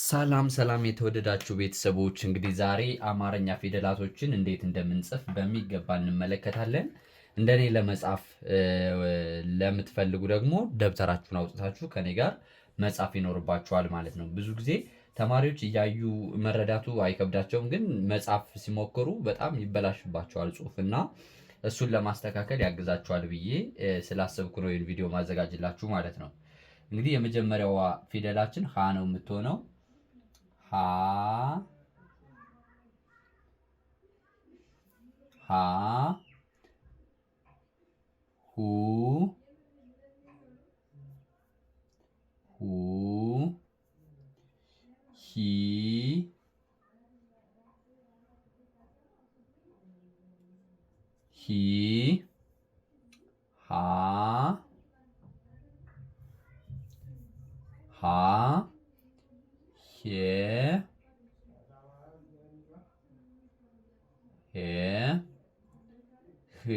ሰላም ሰላም የተወደዳችሁ ቤተሰቦች እንግዲህ ዛሬ አማርኛ ፊደላቶችን እንዴት እንደምንጽፍ በሚገባ እንመለከታለን። እንደኔ ለመጻፍ ለምትፈልጉ ደግሞ ደብተራችሁን አውጥታችሁ ከኔ ጋር መጻፍ ይኖርባችኋል ማለት ነው። ብዙ ጊዜ ተማሪዎች እያዩ መረዳቱ አይከብዳቸውም፣ ግን መጻፍ ሲሞክሩ በጣም ይበላሽባቸዋል ጽሁፍና እሱን ለማስተካከል ያግዛችኋል ብዬ ስላሰብኩ ነው ይህን ቪዲዮ ማዘጋጅላችሁ ማለት ነው። እንግዲህ የመጀመሪያዋ ፊደላችን ሀ ነው የምትሆነው 하, 하, 후, 후, 히, 히, 하, 하, ሄ ሄ ህ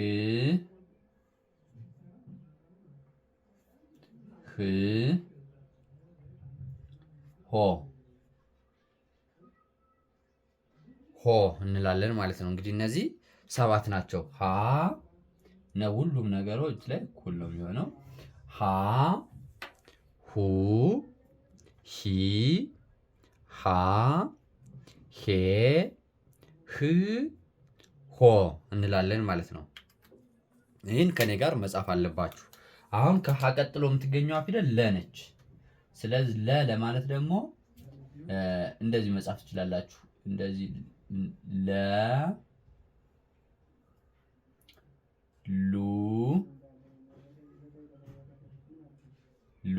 ህ ሆ ሆ እንላለን ማለት ነው። እንግዲህ እነዚህ ሰባት ናቸው። ሀ ነው ሁሉም ነገሮች ላይ እኩል ነው የሚሆነው። ሀ ሁ ሂ ሀ ሄ ህ ሆ እንላለን ማለት ነው። ይህን ከኔ ጋር መጻፍ አለባችሁ። አሁን ከሀ ቀጥሎ የምትገኘው ፊደል ለ ነች። ስለዚህ ለ ለማለት ደግሞ እንደዚህ መጻፍ ትችላላችሁ። እንደዚህ ለ ሉ ሉ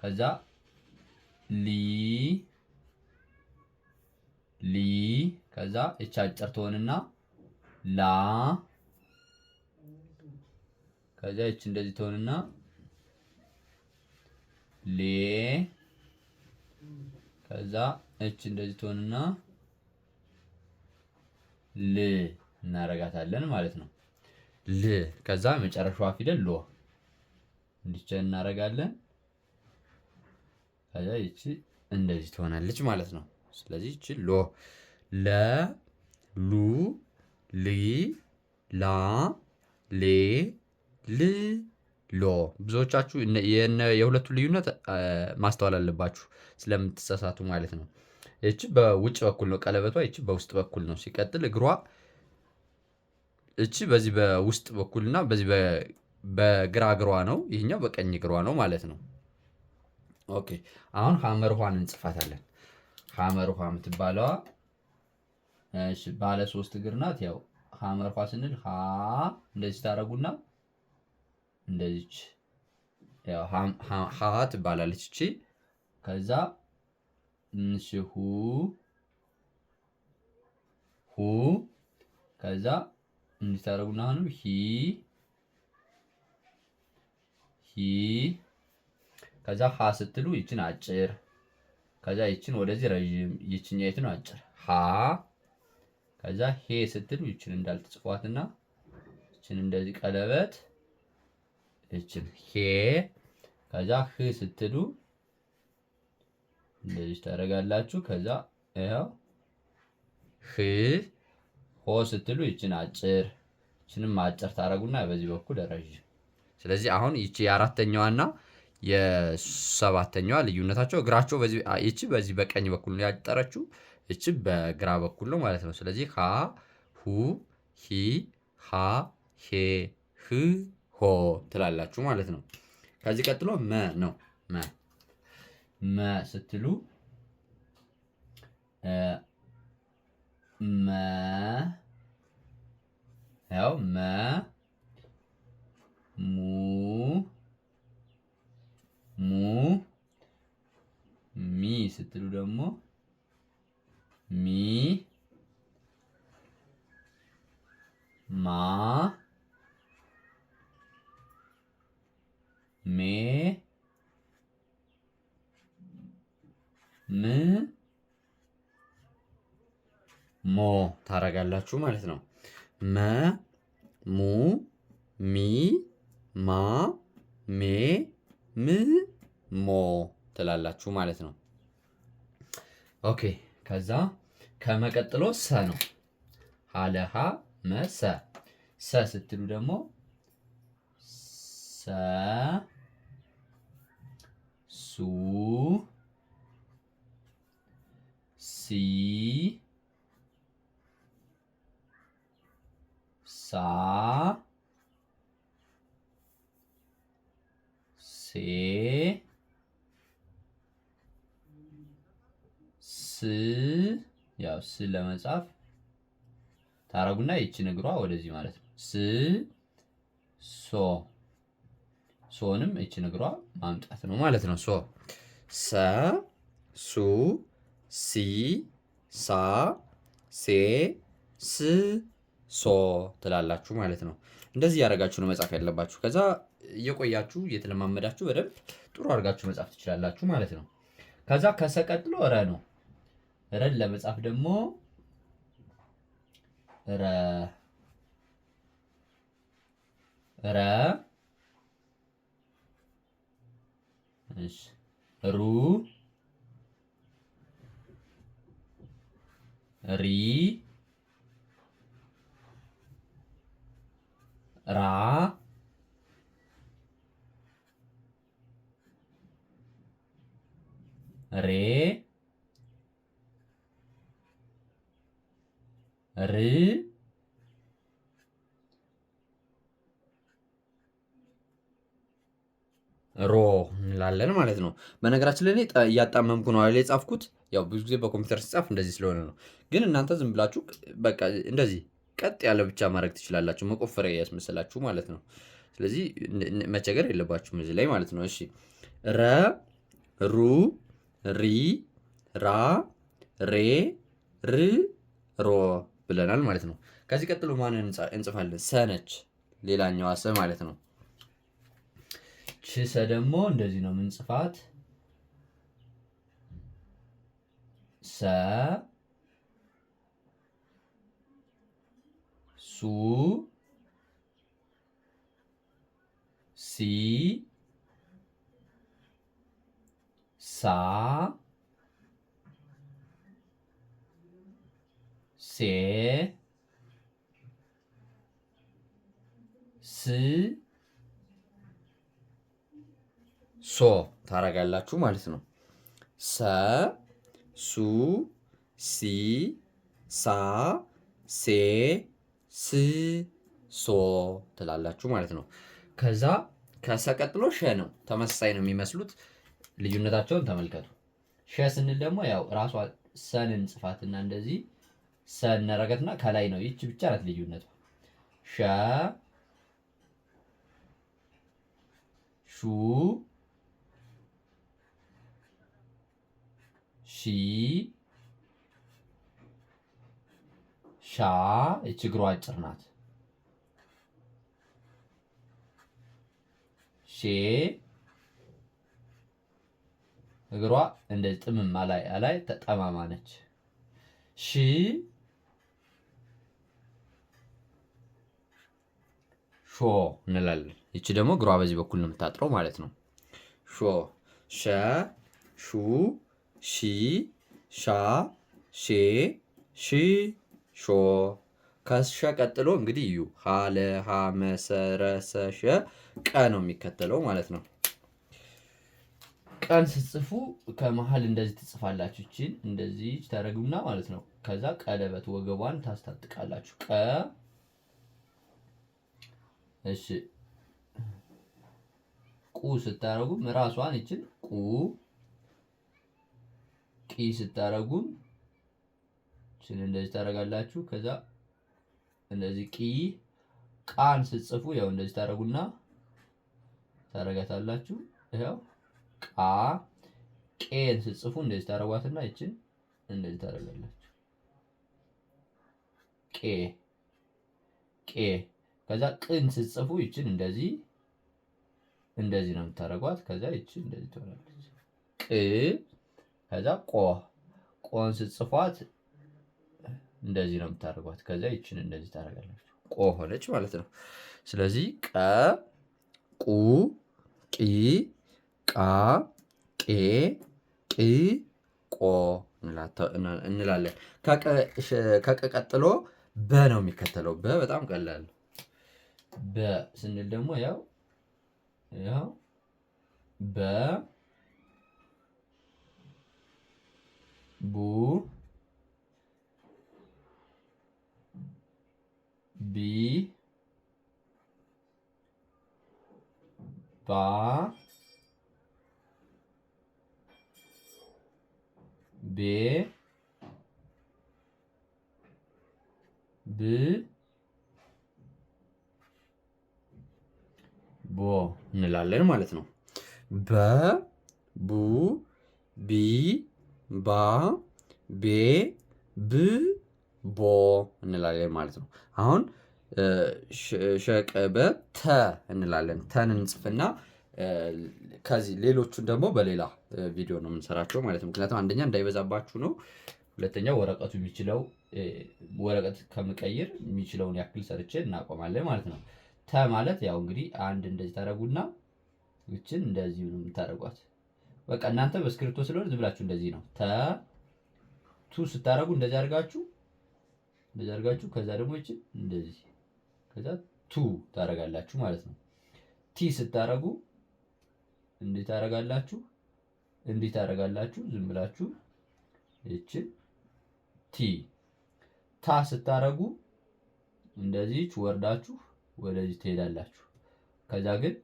ከዛ ሊ ከዛ እች አጭር ትሆንና ላ ከዛ እች እንደዚህ ትሆንና ሌ ከዛ እች እንደዚህ ትሆንና ል እናረጋታለን ማለት ነው። ል ከዛ መጨረሻዋ ፊደል ሎ እንዲቸ እናረጋለን። ከዛ ይቺ እንደዚህ ትሆናለች ማለት ነው። ስለዚህ ይቺ ሎ ለ ሉ ሊ ላ ሌ ል ሎ ብዙዎቻችሁ የሁለቱ ልዩነት ማስተዋል አለባችሁ ስለምትሳሳቱ ማለት ነው። ይቺ በውጭ በኩል ነው ቀለበቷ፣ ይቺ በውስጥ በኩል ነው። ሲቀጥል እግሯ እቺ በዚህ በውስጥ በኩልና በዚህ በግራ እግሯ ነው፣ ይህኛው በቀኝ እግሯ ነው ማለት ነው። ኦኬ አሁን ሀመር ውሃን እንጽፋታለን። ሀመር ውሃ የምትባለዋ ባለ ሶስት እግር ናት። ያው ሀመር ውሃ ስንል ሀ እንደዚህ ታደርጉና እንደዚች ሀ ትባላለች እቺ። ከዛ ንስሁ ሁ ከዛ እንዲታደርጉና አሁንም ሂ ሂ ከዛ ሀ ስትሉ ይችን አጭር ከዛ ይችን ወደዚህ ረዥም ነው አጭር ሀ ከዛ ሄ ስትሉ ይችን እንዳልትጽፏትና ይችን እንደዚህ ቀለበት ይችን ሄ ከዛ ህ ስትሉ እንደዚህ ታደርጋላችሁ። ከዛ ያው ህ ሆ ስትሉ ይችን አጭር ይችንም አጭር ታደርጉና በዚህ በኩል ረዥም። ስለዚህ አሁን ይቺ የአራተኛዋና የሰባተኛዋ ልዩነታቸው እግራቸው ይቺ በዚህ በቀኝ በኩል ነው ያጠረችው፣ ይቺ በግራ በኩል ነው ማለት ነው። ስለዚህ ሀ ሁ ሂ ሃ ሄ ህ ሆ ትላላችሁ ማለት ነው። ከዚህ ቀጥሎ መ ነው። መ መ ስትሉ መ ያው መ ሚ ስትሉ ደግሞ ሚ ማ ሜ ም ሞ ታረጋላችሁ ማለት ነው። መ ሙ ሚ ማ ሜ ም ሞ ትላላችሁ ማለት ነው። ኦኬ ከዛ ከመቀጥሎ ሰ ነው ሀለሃ መሰ ሰ ስትሉ ደግሞ ሰ ሱ ሲ ስ ለመጻፍ ታረጉና ይቺን እግሯ ወደዚህ ማለት ነው። ስ ሶ ሶንም ይቺን እግሯ ማምጣት ነው ማለት ነው። ሶ ሰ ሱ ሲ ሳ ሴ ስ ሶ ትላላችሁ ማለት ነው። እንደዚህ ያደረጋችሁ ነው መጻፍ ያለባችሁ። ከዛ እየቆያችሁ እየተለማመዳችሁ በደንብ ጥሩ አድርጋችሁ መጻፍ ትችላላችሁ ማለት ነው። ከዛ ከሰ ቀጥሎ ረ ነው። ረን ለመጻፍ ደግሞ ረ ረ ሩ ሪ ራ ሬ ር ሮ እንላለን ማለት ነው። በነገራችን ላይ እያጣመምኩ ነው ላይ የጻፍኩት። ያው ብዙ ጊዜ በኮምፒውተር ሲጻፍ እንደዚህ ስለሆነ ነው። ግን እናንተ ዝም ብላችሁ በቃ እንደዚህ ቀጥ ያለ ብቻ ማድረግ ትችላላችሁ፣ መቆፈሪያ ያስመስላችሁ ማለት ነው። ስለዚህ መቸገር የለባችሁም እዚህ ላይ ማለት ነው። እሺ ረ ሩ ሪ ራ ሬ ር ሮ ብለናል ማለት ነው። ከዚህ ቀጥሎ ማንን እንጽፋለን? ሰነች ሌላኛዋ ሰ ማለት ነው። ችሰ ደግሞ እንደዚህ ነው ምንጽፋት ሰ ሱ ሲ ሳ ሴ ታደርጋላችሁ ማለት ነው። ሰ ሱ ሲ ሳ ሴ ስ ሶ ትላላችሁ ማለት ነው። ከዛ ከሰ ቀጥሎ ሸ ነው። ተመሳሳይ ነው የሚመስሉት። ልዩነታቸውን ተመልከቱ። ሸ ስንል ደግሞ ያው ራሷ ሰንን ጽፋትና እንደዚህ ሰ ከላይ ነው። ይች ብቻ ናት ልዩነቷ። ሸ ሹ ሺ ሻ ይች እግሯ አጭር ናት። ሼ እግሯ እንደ ጥምም አላይ አላይ ተጠማማ ነች። ሺ ሾ እንላለን። ይቺ ደግሞ እግሯ በዚህ በኩል ነው የምታጥረው ማለት ነው። ሾ ሸ ሹ ሺ ሻ ሼ ሺ ሾ ከሸ ቀጥሎ እንግዲህ እዩ ሀለ ለ ሀ ሸ ቀ ነው የሚከተለው ማለት ነው። ቀን ስትጽፉ ከመሀል እንደዚህ ትጽፋላችሁ። ይችን እንደዚህ ተረግምና ማለት ነው። ከዛ ቀለበት ወገቧን ታስታጥቃላችሁ። ቀ እሺ ቁ ስታረጉም ራሷን ይችን ቁ ቂ ስታረጉም ስን እንደዚህ ታደርጋላችሁ። ከዛ እንደዚህ ቂ ቃን ስትጽፉ ያው እንደዚህ ታደርጉና ታደርጋታላችሁ። ያው ቃ ቄን ስትጽፉ እንደዚህ ታደርጓትና ይችን እንደዚህ ታደርጋላችሁ። ቄ ቄ ከዛ ቅን ስትጽፉ ይችን እንደዚህ እንደዚህ ነው የምታደርጓት። ከዛ ይችን እንደዚህ ትሆናለች። ቅ ከዛ ቆ ቆን ስትጽፏት እንደዚህ ነው የምታደርጓት። ከዛ ይችን እንደዚህ ታደርጋለች ቆ ሆነች ማለት ነው። ስለዚህ ቀ ቁ ቂ ቃ ቄ ቂ ቆ እንላለን። ከቀ ቀጥሎ በ ነው የሚከተለው። በ በጣም ቀላል በ ስንል ደግሞ ያው ያው በ ቡ ቢ ባ ቤ ብ ቦ እንላለን ማለት ነው። በ ቡ ቢ ባ ቤ ብ ቦ እንላለን ማለት ነው። አሁን ሸቀበ ተ እንላለን። ተን እንጽፍና ከዚህ ሌሎቹን ደግሞ በሌላ ቪዲዮ ነው የምንሰራቸው ማለት ነው። ምክንያቱም አንደኛ እንዳይበዛባችሁ ነው። ሁለተኛ ወረቀቱ የሚችለው ወረቀት ከምቀይር የሚችለውን ያክል ሰርቼ እናቆማለን ማለት ነው። ተ ማለት ያው እንግዲህ አንድ እንደዚህ ታደርጉና ይችን እንደዚህ ነው የምታደርጓት። በቃ እናንተ በእስክሪብቶ ስለሆነ ዝም ብላችሁ እንደዚህ ነው። ተ ቱ ስታደርጉ እንደዚህ አድርጋችሁ እንደዚህ አድርጋችሁ ከዛ ደግሞ ይችን እንደዚህ ከዛ ቱ ታደርጋላችሁ ማለት ነው። ቲ ስታደርጉ እንዲህ ታደርጋላችሁ፣ እንዲህ ታደርጋላችሁ። ዝም ብላችሁ ይችን ቲ ታ ስታደርጉ እንደዚህ ወርዳችሁ ወደዚህ ትሄዳላችሁ። ከዛ ግን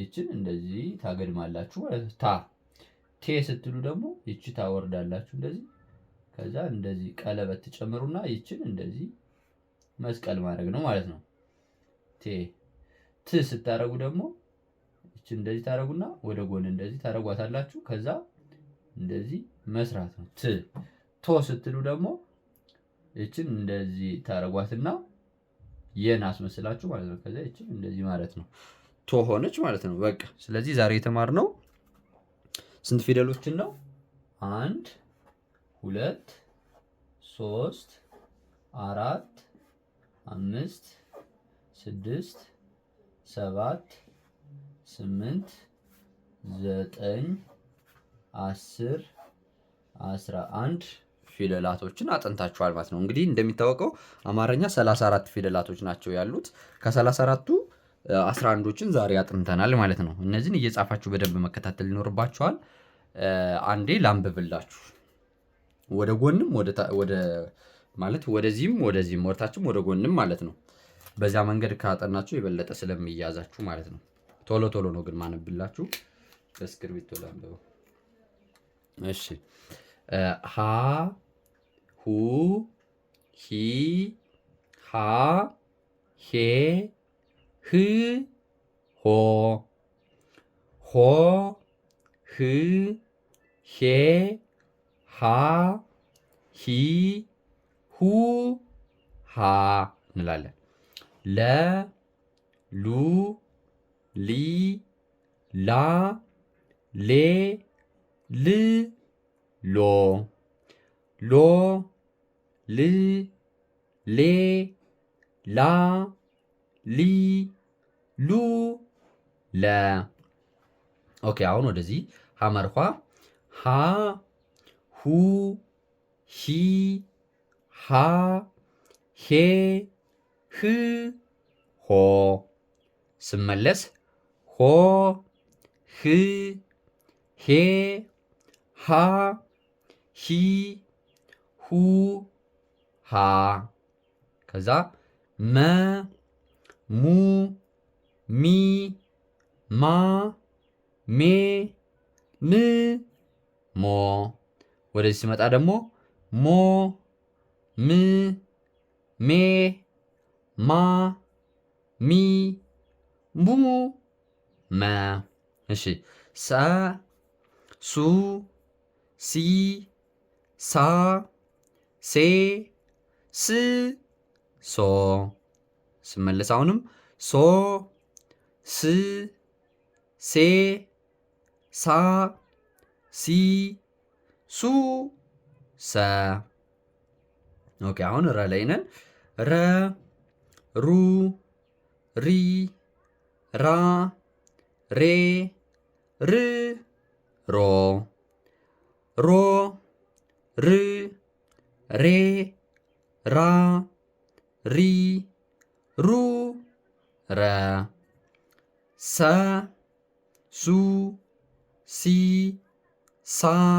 ይችን እንደዚህ ታገድማላችሁ ማለት ታ ቴ ስትሉ ደግሞ ይቺ ታወርዳላችሁ እንደዚህ። ከዛ እንደዚህ ቀለበት ትጨምሩና ይችን እንደዚህ መስቀል ማድረግ ነው ማለት ነው። ቴ ት ስታረጉ ደግሞ ይችን እንደዚህ ታረጉና ወደ ጎን እንደዚህ ታረጓታላችሁ። ከዛ እንደዚህ መስራት ነው። ት ቶ ስትሉ ደግሞ ይችን እንደዚህ ታረጓትና የን አስመስላችሁ ማለት ነው። ከዛ ይችም እንደዚህ ማለት ነው ቶሆነች ማለት ነው። በቃ ስለዚህ ዛሬ የተማርነው ስንት ፊደሎችን ነው? አንድ፣ ሁለት፣ ሶስት፣ አራት፣ አምስት፣ ስድስት፣ ሰባት፣ ስምንት፣ ዘጠኝ፣ አስር፣ አስራ አንድ ፊደላቶችን አጥንታችኋል ማለት ነው። እንግዲህ እንደሚታወቀው አማርኛ 34 ፊደላቶች ናቸው ያሉት። ከ34ቱ 11ዶችን ዛሬ አጥንተናል ማለት ነው። እነዚህን እየጻፋችሁ በደንብ መከታተል ይኖርባችኋል። አንዴ ላንብብላችሁ። ወደ ጎንም ወደ ማለት ወደዚህም ወደዚህም ወደታችም ወደ ጎንም ማለት ነው። በዚያ መንገድ ካጠናችሁ የበለጠ ስለሚያዛችሁ ማለት ነው። ቶሎ ቶሎ ነው ግን ማነብላችሁ። በእስክርቢቶ ላንብበው። እሺ ሀ ሁ ሂ ሃ ሄ ህ ሆ ሆ ህ ሄ ሃ ሂ ሁ ሃ እንላለን። ለ ሉ ሊ ላ ሌ ል ሎ ሎ ል ሌ ላ ሊ ሉ ለ ኦኬ። አሁን ወደዚህ ሀመርኳ ሀ ሁ ሂ ሃ ሄ ህ ሆ ስመለስ ሆ ህ ሄ ሃ ሂ ሁ ሀ ከዛ መ ሙ ሚ ማ ሜ ም ሞ ወደዚህ ሲመጣ ደግሞ ሞ ም ሜ ማ ሚ ሙ መ እሺ ሰ ሱ ሲ ሳ ሴ ስ ሶ ስመለስ አሁንም ሶ ስ ሴ ሳ ሲ ሱ ሰ ኦኬ። አሁን ረ ላይ ነን። ረ ሩ ሪ ራ ሬ ር ሮ ሮ ር ሬ ra, ri, ru, ra, sa, su, si, sa.